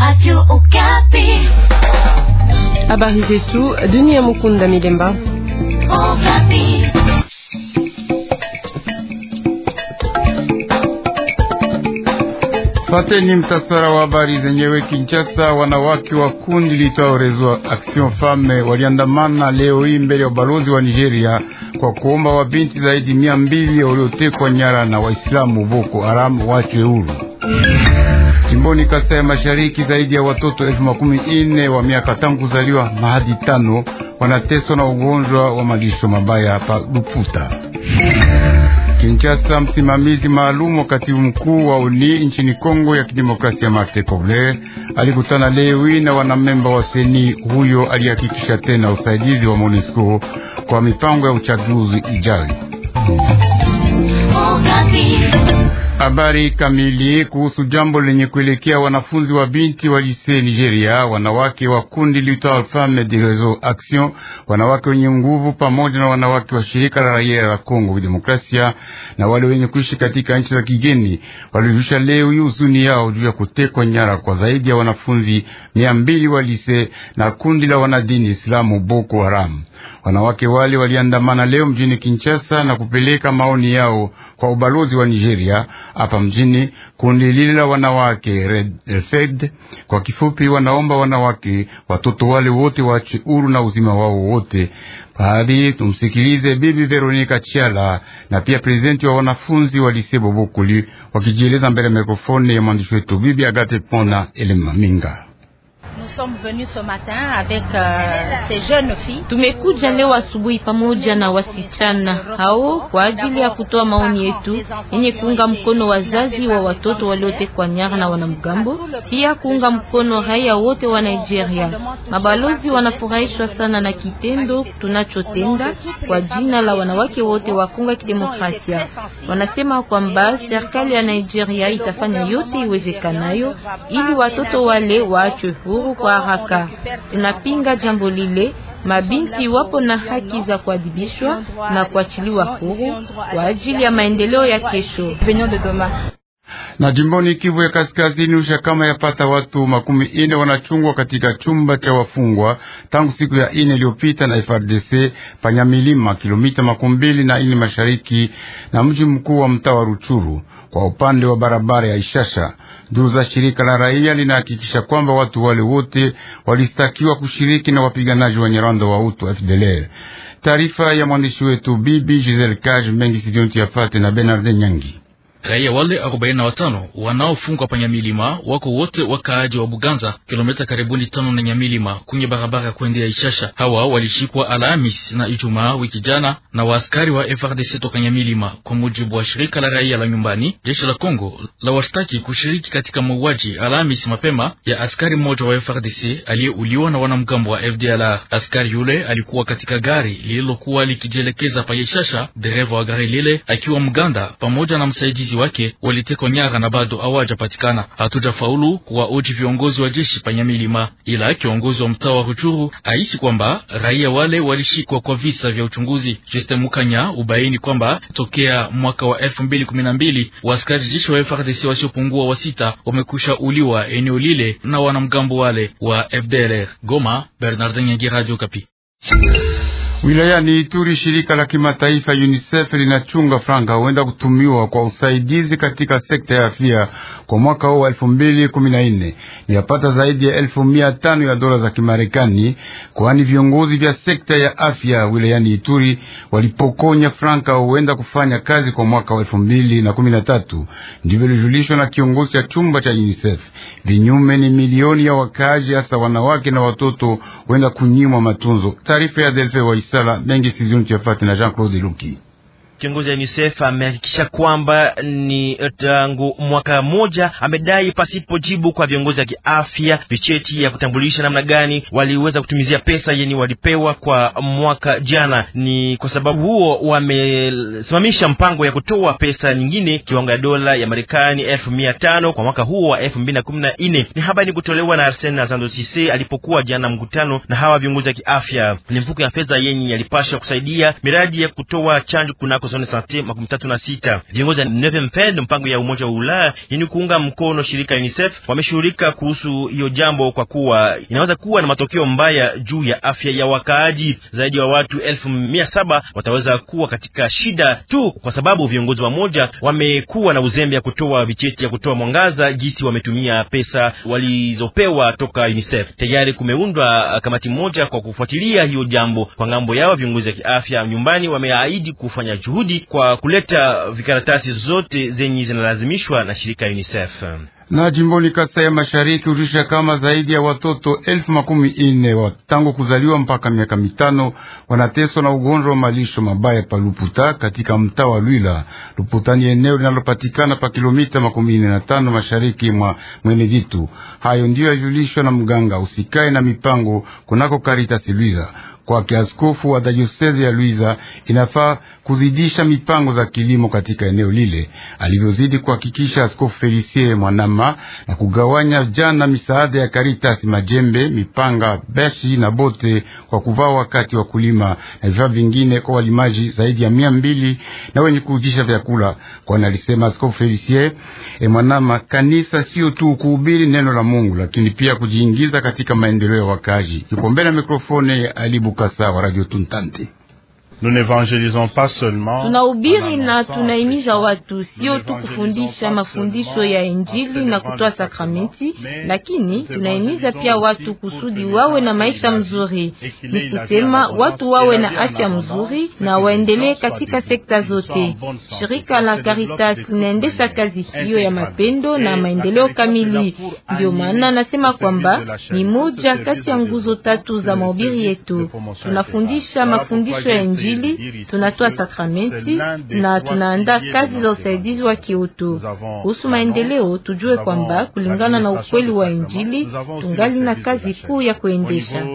Radio Okapi. Habari zetu dunia. Mukunda Milemba. Okapi. Fateni mtasara wa habari zenyewe. Kinshasa, wanawake wa kundi litwao Rezo Action Femme waliandamana leo hii mbele ya ubalozi wa Nigeria kwa kuomba wabinti zaidi mia mbili waliotekwa nyara na Waislamu Boko Haram wachwe huru. Jimboni Kasai ya Mashariki, zaidi ya watoto elfu makumi ine wa miaka tangu kuzaliwa mahadi tano wanateswa na ugonjwa wa malisho mabaya hapa Luputa. Kinshasa, msimamizi maalum wa katibu mkuu wa uni nchini Kongo ya Kidemokrasia Martin Kobler alikutana lewi na wanamemba wa seni. Huyo alihakikisha tena usaidizi wa MONUSCO kwa mipango ya uchaguzi ijayo. Oh, Habari kamili kuhusu jambo lenye kuelekea wanafunzi wa binti wa lise Nigeria, wanawake wa kundi liitwa Femme de Reseau Action, wanawake wenye nguvu, pamoja na wanawake wa shirika la raia la Kongo Demokrasia na wale wenye kuishi katika nchi za kigeni, walirusha leo hii huzuni yao juu ya kutekwa nyara kwa zaidi ya wanafunzi mia mbili wa lise na kundi la wanadini Islamu Boko Haram. Wanawake wale waliandamana leo mjini Kinshasa na kupeleka maoni yao kwa ubalozi wa Nigeria hapa mjini. Kundi lile la wanawake RED-FED kwa kifupi, wanaomba wanawake watoto wale wote waache huru na uzima wao wote. Baadhi tumsikilize Bibi Veronika Chiala na pia prezidenti wa wanafunzi wa Lise Bobokuli wakijieleza mbele ya mikrofoni ya mwandishi wetu Bibi Agate Pona Elemaminga. Euh, Tumekuja leo asubuhi pamoja na wasichana hao kwa ajili ya kutoa maoni yetu yenye kuunga mkono wazazi wa watoto waliotekwa nyara na wanamgambo, pia kuunga mkono raia wote wa Nigeria. Mabalozi wanafurahishwa sana na kitendo tunachotenda kwa jina la wanawake wote wa Kongo ya Kidemokrasia. Wanasema kwamba serikali ya Nigeria itafanya yote iwezekanayo ili watoto wale waachwe huru kwa waraka. Inapinga jambo lile. Mabinti wapo na haki za kuadhibishwa na kuachiliwa huru kwa ajili ya maendeleo ya kesho. Na jimboni Kivu ya Kaskazini, ushakama yapata watu makumi ine wanachungwa katika chumba cha wafungwa tangu siku ya ine iliyopita na FRDC Panyamilima, kilomita makumi mbili na ine mashariki na mji mkuu wa mtaa wa Ruchuru, kwa upande wa barabara ya Ishasha. Duru za shirika la raia linahakikisha kwamba watu wale wote walistakiwa kushiriki na wapiganaji wa Nyarwanda wa utu FDLR. Taarifa ya mwandishi wetu Bibi Giselle Kaj Mengi Sidionti Yafate na Bernard Nyangi. Raia wale 45 wanaofungwa pa Nyamilima wako wote wakaaji wa Buganza, kilomita karibuni tano na Nyamilima kwenye barabara ya kuendea Ishasha. Hawa walishikwa Alhamis na Ijumaa wiki jana na waaskari wa FRDC toka Nyamilima, kwa mujibu wa shirika la raia la nyumbani. Jeshi la Kongo la washtaki kushiriki katika mauaji Alhamis mapema ya askari mmoja wa FRDC aliyeuliwa na wanamgambo wa FDLR. Askari yule alikuwa katika gari lililokuwa likijielekeza pa Ishasha, dereva wa gari lile akiwa mganda pamoja na msaidizi wasaidizi wake walitekwa nyara na bado hawajapatikana. Hatujafaulu kuwaoji viongozi wa jeshi panyamilima, ila kiongozi wa mtaa wa Ruchuru aisi kwamba raia wale walishikwa kwa visa vya uchunguzi. juste Mukanya ubaini kwamba tokea mwaka wa 2012 waskari jeshi wa FRDC wasiopungua wa sita wamekwisha uliwa eneo lile na wanamgambo wale wa FDLR. Goma, Bernardin Nyangi, Radio Kapi. Wilayani Ituri, shirika la kimataifa UNICEF linachunga franga huenda kutumiwa kwa usaidizi katika sekta ya afya kwa mwaka huu wa 2014 yapata zaidi ya 1500 ya dola za Kimarekani, kwani viongozi vya sekta ya afya wilayani Ituri walipokonya franka huenda kufanya kazi kwa mwaka wa 2013. Ndivyo lijulishwa na kiongozi cha chumba cha UNICEF. Vinyume ni milioni ya wakaaji, hasa wanawake na watoto, huenda kunyimwa matunzo. Taarifa ya Delfe Waisi. Kisala Bengi Sizun Chefati na Jean Claude Luki. Kiongozi wa UNICEF amehakikisha kwamba ni eh, tangu mwaka mmoja, amedai pasipo jibu kwa viongozi wa kiafya vicheti ya kutambulisha namna gani waliweza kutumizia pesa yenye walipewa kwa mwaka jana. Ni kwa sababu huo wamesimamisha mpango ya kutoa pesa nyingine kiwango ya dola ya Marekani elfu mia tano kwa mwaka huo wa elfu mbili na kumi na nne. Ni habari kutolewa na Arsen Azando Cisse alipokuwa jana mkutano na hawa viongozi wa kiafya. Ni mfuko ya fedha yenye yalipasha kusaidia miradi ya kutoa chanjo kunako Viongozi wa 9 mpango ya Umoja wa Ulaya yenye kuunga mkono shirika UNICEF wameshughulika kuhusu hiyo jambo, kwa kuwa inaweza kuwa na matokeo mbaya juu ya afya ya wakaaji. Zaidi ya wa watu elfu mia saba wataweza kuwa katika shida tu kwa sababu viongozi wamoja wamekuwa na uzembe ya kutoa vicheti ya kutoa mwangaza jinsi wametumia pesa walizopewa toka UNICEF. Tayari kumeundwa kamati moja kwa kufuatilia hiyo jambo. Kwa ngambo yao viongozi wa kiafya nyumbani wameahidi kufanya juhudi juhudi kwa kuleta vikaratasi zote zenye zinalazimishwa na shirika UNICEF. Na jimboni Kasai ya Mashariki hujulisha kama zaidi ya watoto elfu makumi ine tangu kuzaliwa mpaka miaka mitano wanateswa na ugonjwa wa malisho mabaya pa Luputa katika mtaa wa Lwila. Luputa ni eneo linalopatikana pa kilomita makumi ine na tano mashariki mwa Mweneditu. Hayo ndiyo yajulishwa na mganga usikae na mipango kunako Karitas Lwiza kwa kiaskofu wa dayosezi ya Luiza, inafaa kuzidisha mipango za kilimo katika eneo lile, alivyozidi kuhakikisha Askofu Felisie Mwanama. Goma na kugawanya jana misaada ya Karitasi, majembe, mipanga, beshi na bote kwa kuvaa wakati wa kulima na vifaa vingine kwa walimaji zaidi ya mia mbili na wenye kuujisha vyakula, kwani alisema Askofu Felicien Emwanama, kanisa sio tu kuhubiri neno la Mungu, lakini pia kujiingiza katika maendeleo ya wakaji Yupo mbele ya mikrofone ya Ali Bukasa wa Radio Tuntante tunahubiri na tunaimiza watu sio tu kufundisha mafundisho ya Injili na kutoa sakramenti, lakini tunaimiza pia watu kusudi wawe na maisha mzuri, ni kusema watu wawe na afya mzuri na waendelee katika sekta zote. Shirika la Caritas linaendesha kazi hiyo ya mapendo na maendeleo kamili. Ndio maana nasema kwamba ni moja kati ya nguzo tatu za mahubiri yetu. Tunafundisha mafundisho ya Injili Injili, tunatoa sakramenti na tunaandaa kazi za usaidizi wa kiutu. Kuhusu maendeleo, tujue kwamba kulingana na ukweli wa Injili tungali na kazi kuu ya kuendesha.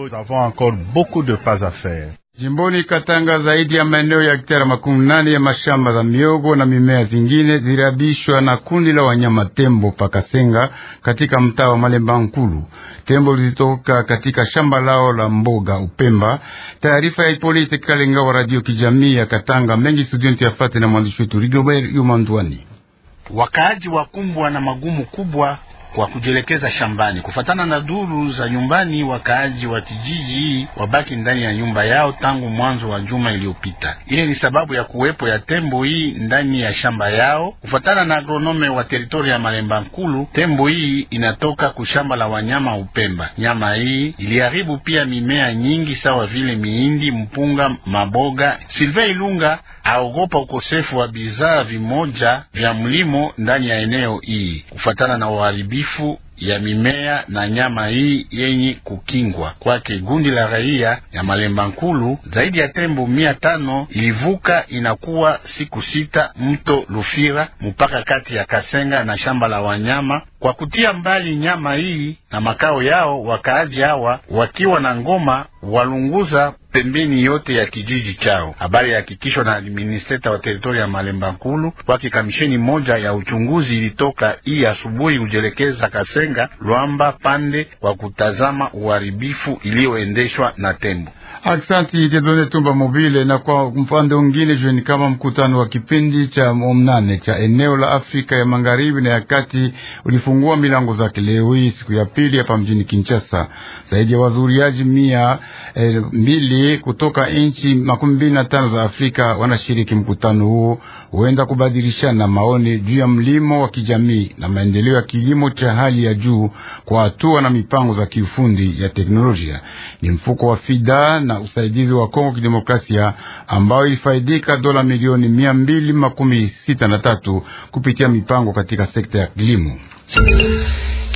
Jimboni Katanga zaidi ya maeneo ya hektari makumi nane ya mashamba za miogo na mimea zingine zilirabishwa na kundi la wanyama tembo pakasenga katika mtaa wa Malemba Nkulu. Tembo lizitoka katika shamba lao la mboga Upemba. Taarifa ya Ipolite Kalenga wa Radio Kijamii ya Katanga mengi studenti yafate na mwandishi wetu Rigobert yumandwani Wakaaji wakumbwa na magumu kubwa kwa kujielekeza shambani. Kufatana na duru za nyumbani, wakaaji wa kijiji wabaki ndani ya nyumba yao tangu mwanzo wa juma iliyopita. Ile ni sababu ya kuwepo ya tembo hii ndani ya shamba yao. Kufatana na agronome wa teritori ya Malemba Nkulu, tembo hii inatoka kushamba la wanyama Upemba. Nyama hii iliharibu pia mimea nyingi sawa vile mihindi, mpunga, maboga. Silvei Ilunga aogopa ukosefu wa bidhaa vimoja vya mlimo ndani ya eneo hii kufatana na uharibifu ya mimea na nyama hii yenye kukingwa kwake. Gundi la raia ya Malemba Nkulu, zaidi ya tembo mia tano ilivuka inakuwa siku sita mto Lufira mpaka kati ya Kasenga na shamba la wanyama kwa kutia mbali nyama hii na makao yao. Wakaaji hawa wakiwa na ngoma walunguza pembeni yote ya kijiji chao. Habari ya na administrator wa teritoria ya Malemba Nkulu kwake. Kamisheni moja ya uchunguzi ilitoka hii asubuhi kujelekeza Kasenga Lwamba pande kwa kutazama uharibifu iliyoendeshwa na tembo. Aksanti Tedone Tumba Mobile. Na kwa mpande ungine jweni, kama mkutano wa kipindi cha mnane cha eneo la Afrika ya magharibi na ya kati ulifungua milango zake leo hii siku ya pili hapa mjini Kinshasa. Zaidi ya wazuriaji mia eh, mbili wenye kutoka nchi makumi mbili na tano za Afrika wanashiriki mkutano huo, huenda kubadilishana maoni juu ya mlimo wa kijamii na maendeleo ya kilimo cha hali ya juu kwa hatua na mipango za kiufundi ya teknolojia. Ni mfuko wa FIDA na usaidizi wa Kongo Kidemokrasia ambayo ilifaidika dola milioni mia mbili makumi sita na tatu kupitia mipango katika sekta ya kilimo.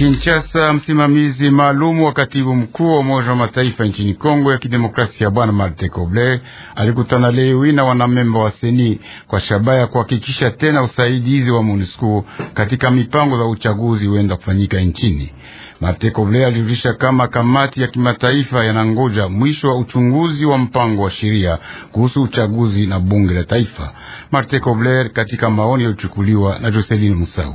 Kinshasa, msimamizi maalum wa katibu mkuu wa Umoja wa Mataifa nchini Kongo ya Kidemokrasia, Bwana Marte Kobler alikutana leo na wanamemba wa seni kwa shabaha ya kuhakikisha tena usaidizi wa MONUSCO katika mipango za uchaguzi huenda kufanyika nchini. Marte Kobler alijulisha kama kamati ya kimataifa yanangoja mwisho wa uchunguzi wa mpango wa sheria kuhusu uchaguzi na bunge la taifa. Marte Kobler katika maoni yaliyochukuliwa na Joselin Musau.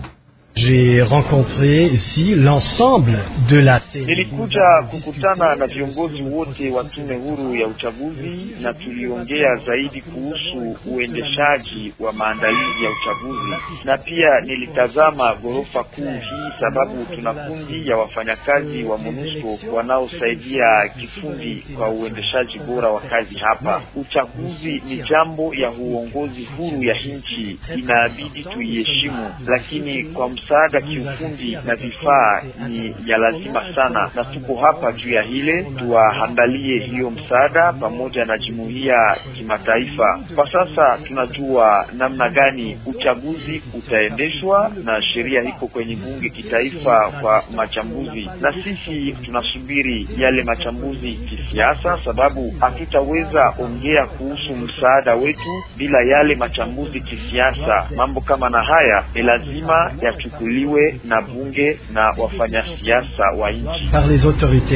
J'ai rencontré ici l'ensemble de la nilikuja kukutana na viongozi wote wa tume huru ya uchaguzi na tuliongea zaidi kuhusu uendeshaji wa maandalizi ya uchaguzi, na pia nilitazama ghorofa kuu hii, sababu tuna kundi ya wafanyakazi wa MONUSCO wanaosaidia kifundi kwa uendeshaji bora wa kazi hapa. Uchaguzi ni jambo ya uongozi huru ya nchi, inabidi tuiheshimu, lakini kwa msaada kiufundi na vifaa ni ya lazima sana, na tuko hapa juu ya hile tuwaandalie hiyo msaada pamoja na jumuiya kimataifa. Kwa sasa tunajua namna gani uchaguzi utaendeshwa, na sheria iko kwenye bunge kitaifa kwa machambuzi, na sisi tunasubiri yale machambuzi kisiasa, sababu hatutaweza ongea kuhusu msaada wetu bila yale machambuzi kisiasa. Mambo kama na haya ni lazima ya ichukuliwe na bunge na wafanyasiasa wa nchi.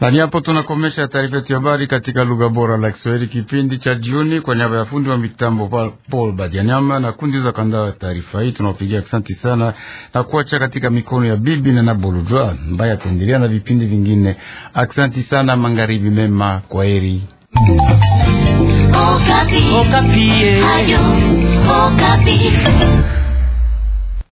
Na ni hapo tunakomesha taarifa yetu ya habari katika lugha bora la Kiswahili, kipindi cha jioni. Kwa niaba ya fundi wa mitambo Paul Badianyama na kundi za kanda ya taarifa hii, tunawapigia asante sana na kuacha katika mikono ya bibi na Nabuludwa ambaye ataendelea na vipindi vingine. Asante sana, magharibi mema, kwa heri. Okapi. Okapi. Eh. Ayo, Okapi.